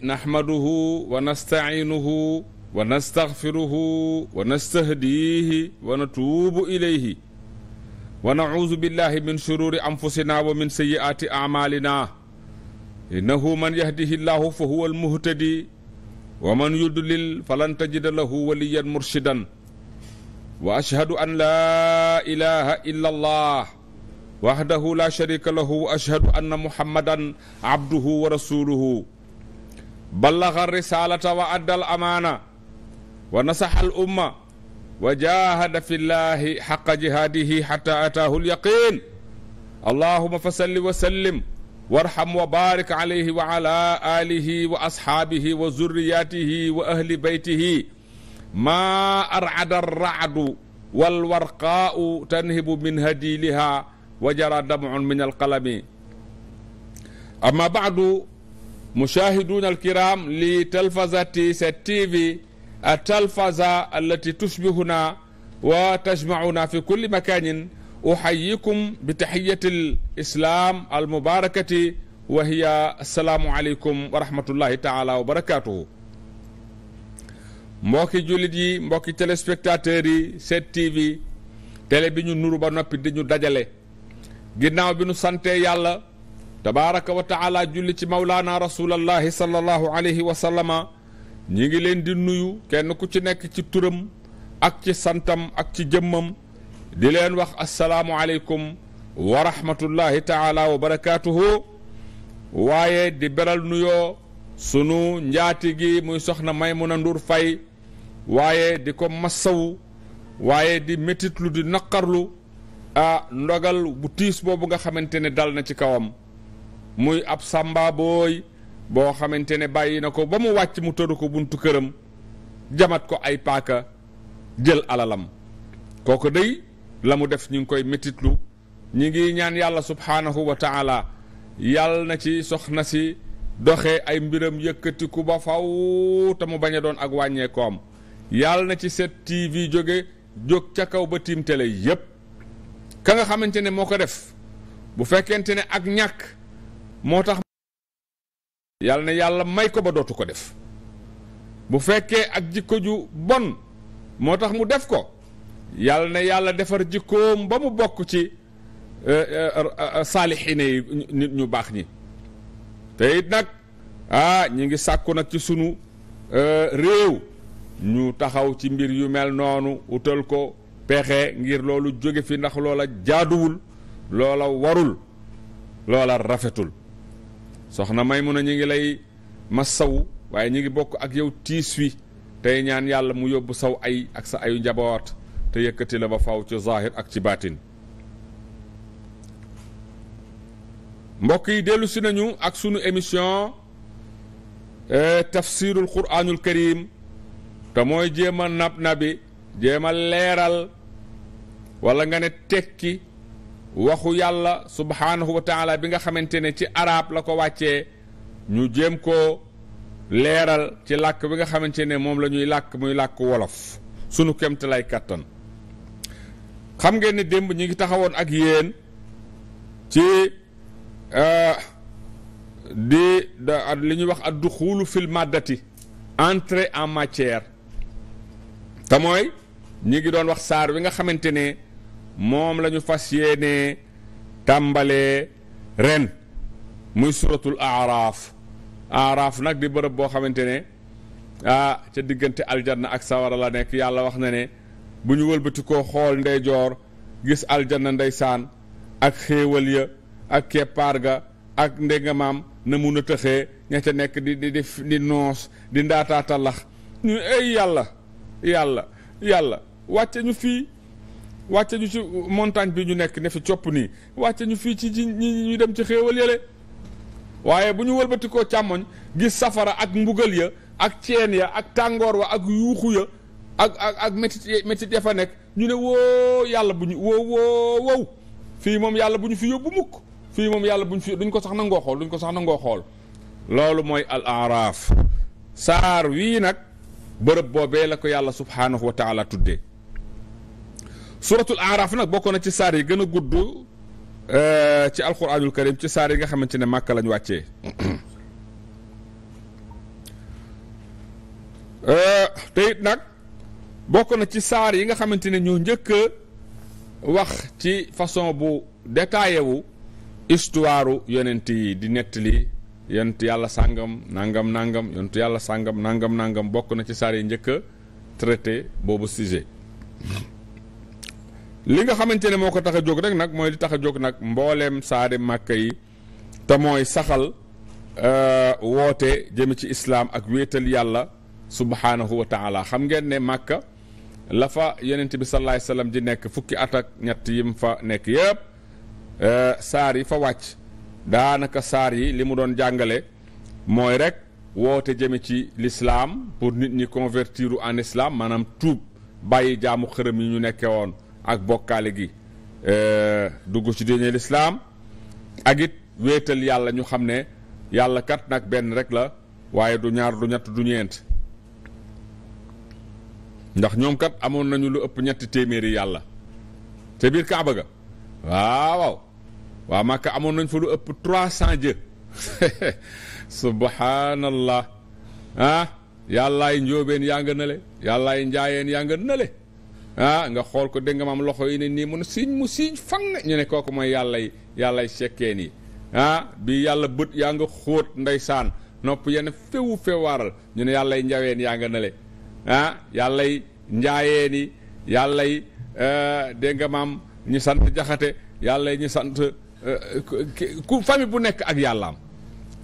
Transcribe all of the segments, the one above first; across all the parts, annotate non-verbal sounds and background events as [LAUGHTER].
naxmaduhu wa nastaciinuhu wa nastaxfiruhu wa nastahdiihi wa natuubu ilayhi wa nacuudu billahi min shuruuri anfusinaa wa min sayyi'aati acmaalinaa innahu man yahdihi llaahu fa huwa almuhtadi wa man yudlil falan tajida lahu waliyan murshidan wa ashhadu an laa ilaha illa allah waxdahu laa sharika lahu wa ashhadu anna muhammadan abduhu wa rasuluhu ballaxa risalata wa addal amaana wa nasaxa al umma wa jahada fi llahi xaqa jihaadihi xata ataahu lyaqin allahuma fa salli wa sallim warxam wa baarik alayhi wa ala alihi wa asxaabihi wa zurriyatihi wa ahli baytihi maa arcada arracdu walwarqaau tanhibu min hadiliha wa jara damcun min alqalami amma baadu mushahiduuna alkiram li talfazati set tv atalfaza allati tushbihuna wa tajmauna fi kulli makanin uxayikum bi taxiyati al islam al mubarakati wa hiya asalaamu aleykum wa rahmatullahi taala wa barakatuhu mbokki jullit yi mbokki téléspectateurs yi set tv télé bi ñu nuru ba noppi di ñu dajale ginnaaw bi ñu sante yàlla tabaraka wa taala julli ci mawlaana rasulallahi sallallahu alayhi wa sallama ñi ngi leen di nuyu kenn ku ci nekk ci turam ak ci santam ak ci jëmmam di leen wax asalaamu aleykum wa rahmatullahi taala wa barakaatuhu waaye di beral nuyoo sunu njaati gi muy soxna Maymuna Ndour fay waaye di ko massawu waaye di métitlu di naqarlu ah ndogal bu tiis boobu nga xamante ne dal na ci kawam muy ab sàmba booy boo xamante ne bàyyi na ko ba mu wàcc mu tëru ko buntu këram jamat ko ay paaka jël alalam kooku day la mu def ñu ngi koy métitlu ñi ngi ñaan yàlla subhaanahu wa taala yàll na ci soxna si doxe ay mbiram yëkkatiku ba faw te mu bañ a doon ak wàññeekoom yal na ci set TV jóge jóg ca kaw ba tiim télé yépp ka nga xamante ne moo ko def bu fekkente ne ak ñàkk moo tax yàlla na yàlla may ko ba dootu ko def bu fekkee ak jikko ju bon moo tax mu def ko yàlla na yàlla defar jikkoom ba mu bokk ci euh, euh, euh, saalixiine yi nit ñu baax ñi te it nag aa ah, ñi ngi sàkku nag ci sunu réew ñu taxaw ci mbir yu mel noonu wutal ko pexe ngir loolu jóge fi ndax loola jaaduwul loola warul loola rafetul soxna Maymuna ñu ngi lay ma saw waaye ñu ngi bokk ak yow tiis wi tey ñaan yàlla mu yóbbu saw ay ak sa ayu njaboot te yëkkati la ba faw ci zahir ak ci baatin mbokk yi dellusi nañu ak sunu émission eh, tafsirul quranul karim te mooy jéem a nab nabi jéem a leeral wala nga ne tekki waxu yàlla subhaanahu wa taala bi nga xamante ne ci araab la ko wàccee ñu jéem ko leeral ci làkk bi nga xamante ne moom la ñuy làkk muy làkk wolof sunu kemt lay kàttan xam ngeen ne démb ñi ngi taxawoon ak yéen ci euh, di li ñuy wax ad duxulu fil maddati entrée en matière te mooy ñi ngi doon wax saar wi nga xamante ne moom la ñu fas yéene tàmbalee ren muy suratul aaraaf aaraaf nag di bërëb boo xamante ne ah ca diggante aljana ak sawara la nekk yàlla wax na ne bu ñu wëlbati koo xool ndeyjoor gis aljana ndeysaan ak xéewal ya ak keppaar ga ak ndengamaam na mu a tëxee ña ca nekk di di di di noos di ndaataatalax ñu ay yàlla yàlla yàlla wàcce ñu fii wàcce ñu ci montagne bi ñu nekk ne fi copp nii wàcce ñu fii ci ñi ñu dem ci xéewal yële waaye bu ñu wëlbatikoo càmmoñ gis safara ak mbugal ya ak ceen ya ak tàngoor wa ak yuuxu ya ak ak ak métit ya fa nekk ñu ne woo yàlla bu ñu woo woo wow fii moom yàlla bu ñu fi yóbbu mukk fii moom yàlla bu ñu fi duñ ko sax nangoo xool duñ ko sax nangoo xool loolu mooy al araaf saar wii nag bërëb boobee la ko yàlla subhaanahu wa taala tuddee suratul aaraaf nag bokkoon na ci saar yi gën a gudd eh, ci alquranul karim ci saar yi nga xamante ne màkka lañ wàccee eh, nag bokk na ci saar yi nga xamante ne ñoo njëkk wax ci façon bu détaillé wu yenent yi di nettali yonent yàlla sàngam nangam nangam yonent yàlla sàngam nangam nangam bokk na ci saar yi njëkk traité boobu sujet li nga xamante ne moo ko tax a jóg rek nag mooy li tax a jóg nag mbooleem saade màkk yi te mooy saxal euh, woote jëme ci islaam ak wéetal yàlla subhaanahu wa taala xam ngeen ne màkk la fa yonent bi salaay salaam di nekk fukki at ak ñett yim fa nekk yëpp euh, saar yi fa wàcc daanaka saar yi li mu doon jàngale mooy rek woote jëme ci l'islaam pour nit ñi convertiru en islam maanaam tuub bàyyi jaamu xërëm yi ñu nekkee woon ak bokkaale gi euh, dugg ci diine lislaam ak it wéetal yàlla ñu xam ne yàlla kat nag benn rek la waaye du ñaar du ñett du ñeent ndax ñoom kat amoon nañu lu ëpp ñetti téeméeri yàlla te biir Kaaba ga waaw waaw waa amoon nañ fa lu ëpp trois cent jë [LAUGHS] subhanallah ah yàllaay njóobeen yaa nga nale yàllaay njaayeen yaa nga nale ah nga xool ko dégg nga maam loxo yi ne nii mun siiñ mu siiñ fan ñu ne kooku mooy yàllay yàllay sekkeen yi ah bi yàlla bët yaa nga xóot ndeysaan nopp yenn fewu fewaaral ñu ne yàlla njaween yaa nga nele ah yàllay njaayeen yi yàllay eh, dégg nga maam ñu sant jaxate yàlla ñu sant eh, ku famille bu nekk ak yàllaam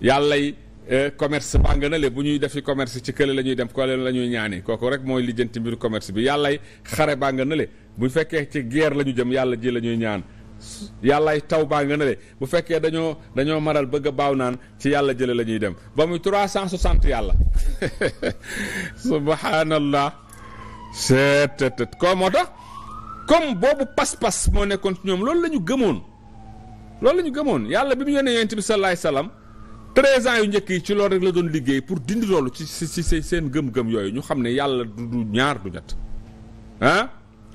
yàllay Euh, commerce bàng nga le bu ñuy defi commerce ci kële la ñuy dem kële la ñuy ñaani kooku rek mooy lijjanti mbiru commerce bi yàllay xare baa nga le bu fekkee ci guerre la ñu jëm yàlla ji la ñuy ñaan yàllaay taw baa nga ne bu fekkee dañoo dañoo maral bëgg a baaw naan ci yàlla jële la ñuy dem ba muy trois cent soixante yàlla [LAUGHS] subhanallah seetet ko moo tax comme boobu pas-pas moo nekkoon ci ñoom loolu la ñu gëmoon loolu la gëmoon yàlla bi mu yónnee yonent bi salaay salaam treize yu njëkk yi ci loolu rek la doon liggéey pour dindi loolu ci ci seen gëm-gëm yooyu ñu xam ne yàlla du ñaar du ñett ah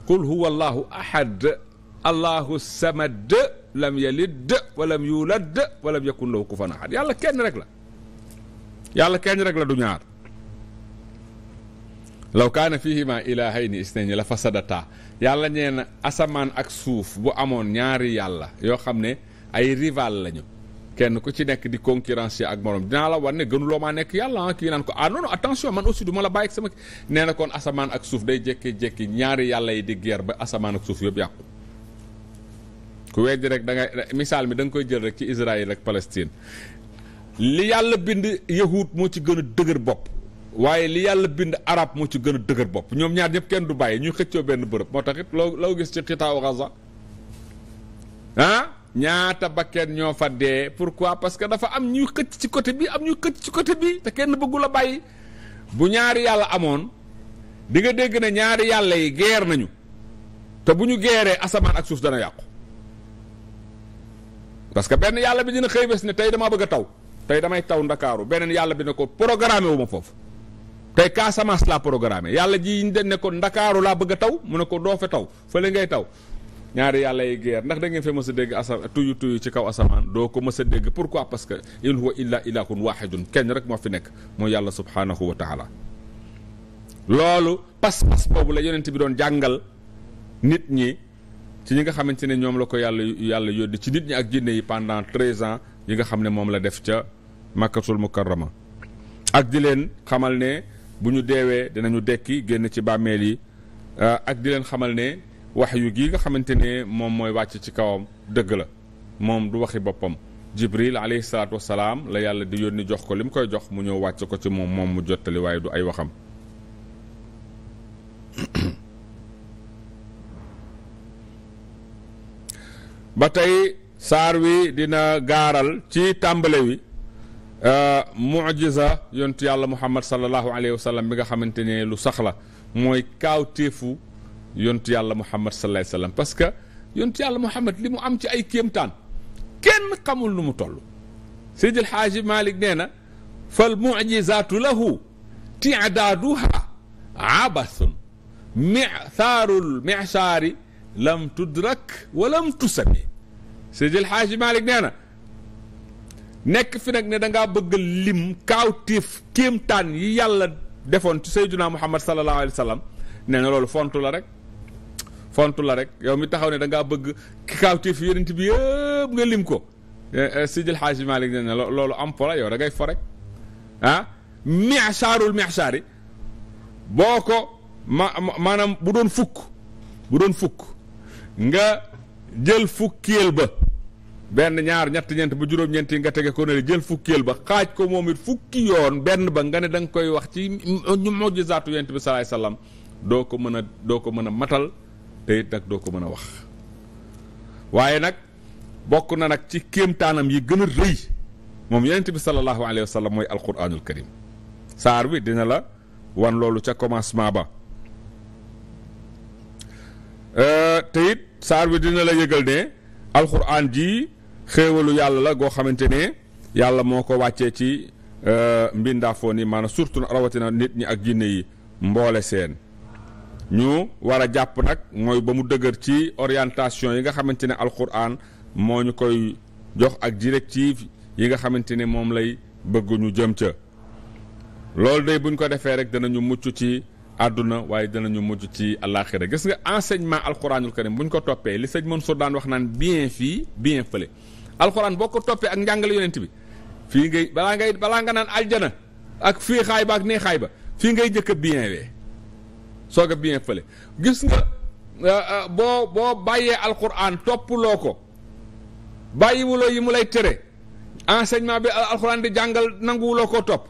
qul huwa allahu ahad allahu samad lam yalid walam yulad walam yakun lahu kufan ahad yàlla kenn rek la yàlla kenn rek la du ñaar law kaana fihima ilahayni isnayni la fasadata yàlla nee na asamaan ak suuf bu amoon ñaari yàlla yoo xam ne ay rival lañu kenn ku ci nekk di concurrence ak morom dinaa la wan ne gënuloo maa nekk yàlla ah, kii naan ko ah non non attention man aussi du ma la bàyyi sama nee na kon asamaan ak suuf day jékki-jékki ñaari yàlla yi di guerre ba asamaan ak suuf yëpp yàqu. ku weddi rek dangay misaal mi danga koy jël rek ci Israël ak Palestine li yàlla bind yahud moo ci gën dëgër bopp waaye li yàlla bind arab moo ci gën a dëgër bopp ñoom ñaar ñëpp kenn du bàyyi ñuy xëccoo benn bërëb moo tax loo loo gis ci xitaaw Gaza ah? ñaata bakkeen ñoo fa dee pourquoi parce que dafa am ñuy xëcc ci côté bi am ñuy xëcc ci côté bi te kenn bëggul a bàyyi bu ñaari yàlla amoon di nga dégg ne ñaari yàlla yi geer nañu te bu ñu geeree asamaan ak suuf dana yàqu parce que benn yàlla bi dina xëy bés ne tey damaa bëgg a taw tey damay taw ndakaaru beneen yàlla bi ne ko programmé wu ma foofu tey Casamance laa programmé yàlla ji ñu ne ko ndakaaru laa bëgg a taw mu ne ko doo fa taw fële ngay taw ñaari yàlla yi guerre ndax da ngeen fee mës a dégg asa tuyu tuyu ci kaw asamaan doo ko mës a dégg pourquoi parce que in huwa illa ilahun wahidun kenn rek moo fi nekk moo yàlla subhanahu wa taala loolu pas-pas boobu la yonent bi doon jàngal nit ñi ci ñi nga xamante ne ñoom la ko yàlla yàlla yónni ci nit ñi ak jinne yi pendant treize ans yi nga xam ne moom la def ca makkatul mukarrama ak di leen xamal ne bu ñu deewee dinañu dekki génn ci bàmmeel yi euh, ak di xamal ne wax yu gii nga xamante ne moom mooy wàcc ci kawam dëgg la moom du waxi boppam jibril alayhi salaatu wasalaam la yàlla di yónni jox ko li mu koy jox mu ñëw wàcc ko ci moom moom mu jottali waaye du ay waxam [COUGHS] ba tey saar wi dina gaaral ci tàmbale wi euh, mujiza yontu yàlla muhammad sallallahu alayhi wa sallam bi nga xamante ne lu sax la mooy kaawteefu yontu yàlla muhammad sallallahu alayhi wa sallam parce que yontu yàlla muhammad li mu am ci ay kéemtaan kenn xamul nu mu toll Seydi El Hadji Malick nee na fal mujizaatu lahu tiadaaduha abasun mithaarul misaari lam tudrak wa lam tusami Seydi El Hadji Malick nee na nekk fi nag ne da ngaa bëgg lim kaawtéef kéemtaan yi yàlla defoon ci Seydina Muhammad sallallahu alayhi wa sallam nee na loolu fontu la rek font la rek yow mi taxaw ne da ngaa bëgg kaawteef yonent bi yëpp nga lim ko eh, eh, Sidil Haaji Malik nee na loolu am po la yow da ngay fo rek ah mi'saarul mi'saari boo ko ma maanaam bu doon fukk bu doon fukk nga jël fukkeel ba benn ñaar ñett ñeent ba juróom-ñeent yi nga tege ko ne jël fukkeel ba xaaj ko moom it fukki yoon benn ba nga ne danga koy wax ci ñu mujjizaatu yonent bi salaay salaam doo ko mën a doo ko mën a matal te it nag doo ko mën a wax waaye nag bokk na nag ci kéemtaanam yi gën a rëy moom yonent bi sallallahu alayhi wa sallam mooy alquranul karim saar wi dina la wan loolu ca commencement ba euh, te it saar wi dina la yëgal ne alquran ji xéewalu yàlla la goo xamante ne yàlla moo ko wàccee ci euh, mbindaafoon yi maanaam surtout rawatina nit ñi ak jinne yi mboole seen ñu war a jàpp nag mooy ba mu dëgër ci orientation yi nga xamante ne alquran moo ñu koy jox ak directive yi nga xamante ne moom lay bëgguñu jëm ca loolu day buñ ko defee rek danañu mucc ci àdduna waaye danañu mucc ci àllaaxira gis nga enseignement alquranul bu buñ ko toppee li sëñ Mansour daan wax naan bien fii bien fële alquran boo ko toppee ak njàngale yonent bi fii ngay balaa ngay balaa nga naan aljana ak fii xaay ba ak nee xaay ba fii ngay jëkk a bien wee soog a bien fële gis nga ah, ah, boo boo bàyyee alquran toppuloo ko bàyyiwuloo yi mu lay tere enseignement bi alquran di jàngal nanguwuloo ko topp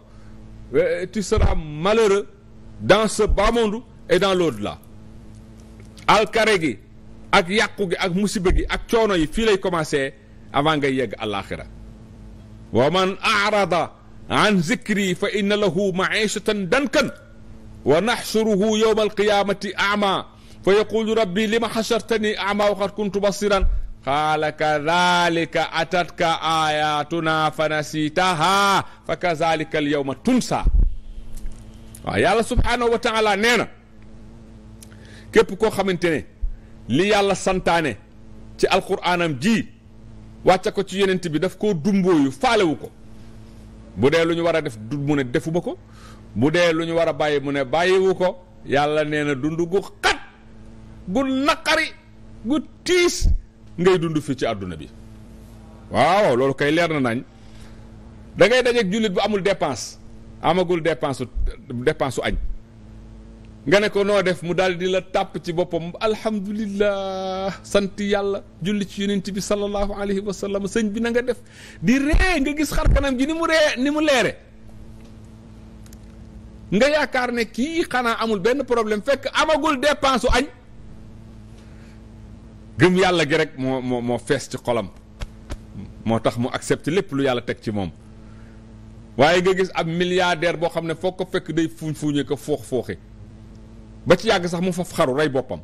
eh, tu seras malheureux dans ce bas et dans l'au-delà alkare gi ak yàqu gi ak musiba gi ak coono yi fii lay commencé avant ngay yegg alaxira wa man arada an zikri fa inna lahu maishatan dankan wa naxsuruhu yowma alqiyamati ama fa yaqulu rabbi lima xashartani ama wa qad basiran qaala kadalika atatka ayatuna fa nasitaha fa kadalika alyawma tunsa waaw yàlla subhaanahu nee na képp koo xamante ne li yàlla santaane ci alquraanam ji wàcce ci yonent bi daf koo dumbooyu faalewu ko bu dee lu ñu war a def du mu ne defuma ko bu dee lu ñu war a bàyyi mu ne bàyyiwu ko yàlla nee na dund gu xat gu naqari gu tiis ngay dund fii ci àdduna bi waaw loolu koy leer na nañ da ngay dajeeg jullit bu amul dépense amagul dépense dépense su añ nga ne ko noo def mu daal di la tàpp ci boppam alhamdulillah sant yàlla julli ci yonent bi sallallahu alayhi wa sallam sëñ bi na nga def di ree nga gis xar kanam ji ni mu ree ni mu leere nga yaakaar ne kii xanaa amul benn problème fekk amagul dépense añ gëm yàlla gi rek moo moo fees ci xolam moo tax mu accepte lépp lu yàlla teg ci moom waaye nga gis ab milliardaire boo xam ne foog ko fekk day fuuñ fuuñee ko foox fooxi ba ci yàgg sax mu faf xaru rey boppam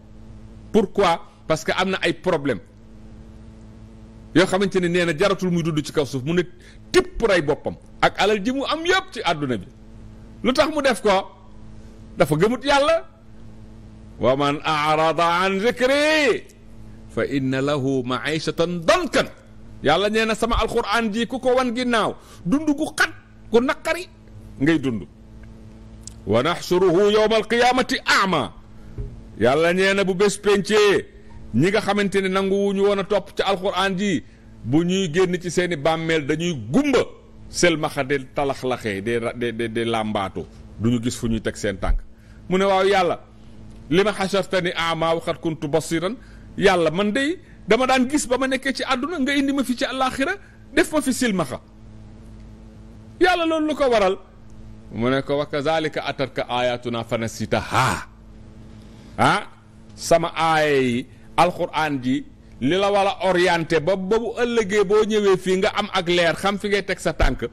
pourquoi parce que am na ay problème yoo xamante ni nee na jaratul muy dudd ci kaw suuf mu ne tipp rey boppam ak alal ji mu am yëpp ci àdduna bi lu tax mu def ko dafa gëmut yàlla wa man arada an zikri fa inna lahu maishatan dankan yàlla nee na sama alquran ji ku ko wan ginnaaw dund gu xat gu naqari ngay dund wa naxsuruhu yowma alqiyamati ama yàlla nee na bu bés péncee ñi nga xamante ne nanguwuñu woon a topp ci alquran ji bu ñuy génn ci seeni bàmmeel dañuy gumba selmaxa de talaxlaxee de de de de làmbaatu du ñu gis fu ñuy teg seen tànk mu ne waaw yàlla li ma xasartani ama waxat kuntu basiran yàlla man de dama daan gis ba ma nekkee ci àdduna nga indi ma fi ci àllaaxira def ma fi silmaxa yàlla loolu lu ko waral mu ne ko wa kazalika atatka ayatuna fanasitaha ah sama aaya yi alquran ji li la war a orienté ba ba bu ëllëgee boo ñëwee fii nga am ak leer xam fi ngay teg sa tànk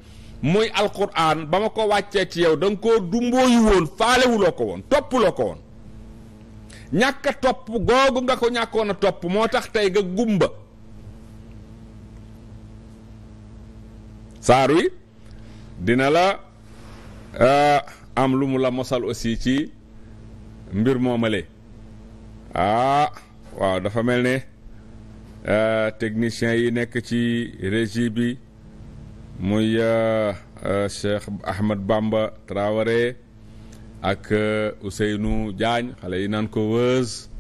muy alquran ba ma ko wàccee ci yow danga ko koo dumbooyu woon faalewuloo ko woon toppuloo ko woon ñàkk topp googu nga ko ñàkkoon a topp moo tax tey nga gumba saar wi dina la euh, am lu mu la mosal aussi ci mbir moomale ah waaw dafa mel ne Euh, techniciens yi nekk ci régie bi muy euh, euh, Cheikh Ahmed Bamba Traoré ak Ousseynou Diagne xale yi naan ko wëz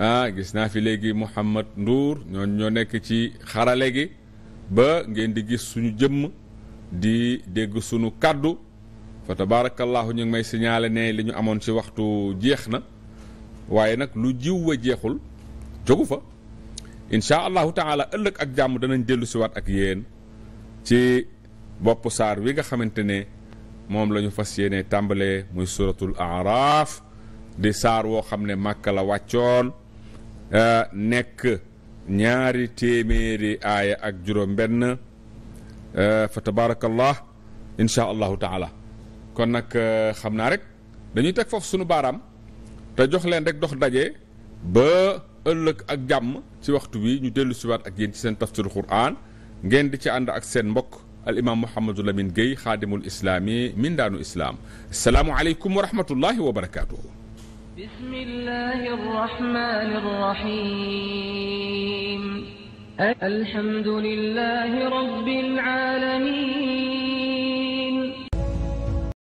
ah, gis naa fi léegi Mouhamad Ndour ñoo ñoo nekk ci xarale gi ba ngeen di gis suñu jëmm di dégg suñu kàddu fa tabaarakallaahu ñu ngi may signaler ne li ñu amoon ci waxtu jeex na waaye nag lu jiw wa jeexul jógu fa incha allahu taala ëllëg ak jàmm danañ dellu siwaat ak yéen ci bopp saar wi nga xamante ne moom la ñu fas yéene tàmbalee muy suratul aaraaf di saar woo xam ne màkka la wàccoon euh, nekk ñaari téeméeri aaya ak juróom benn euh, fa tabaarakallah incha allahu taala kon nag euh, xam naa rek dañuy teg foofu sunu baaraam te jox leen rek dox daje ba ëllëg ak jàmm ci waxtu wi ñu dellu siwaat ak yéen ci seen tafsiru quran ngeen di ci ànd ak seen mbokk al imam Mouhamadou Lamine Guèye xaadimul islaami mindaanu islaam asalaamualeykum wa rahmatullahi wa barakaatuhu. bismillahi rahmaani rahim. alhamdulillahi rabbil aalamiin.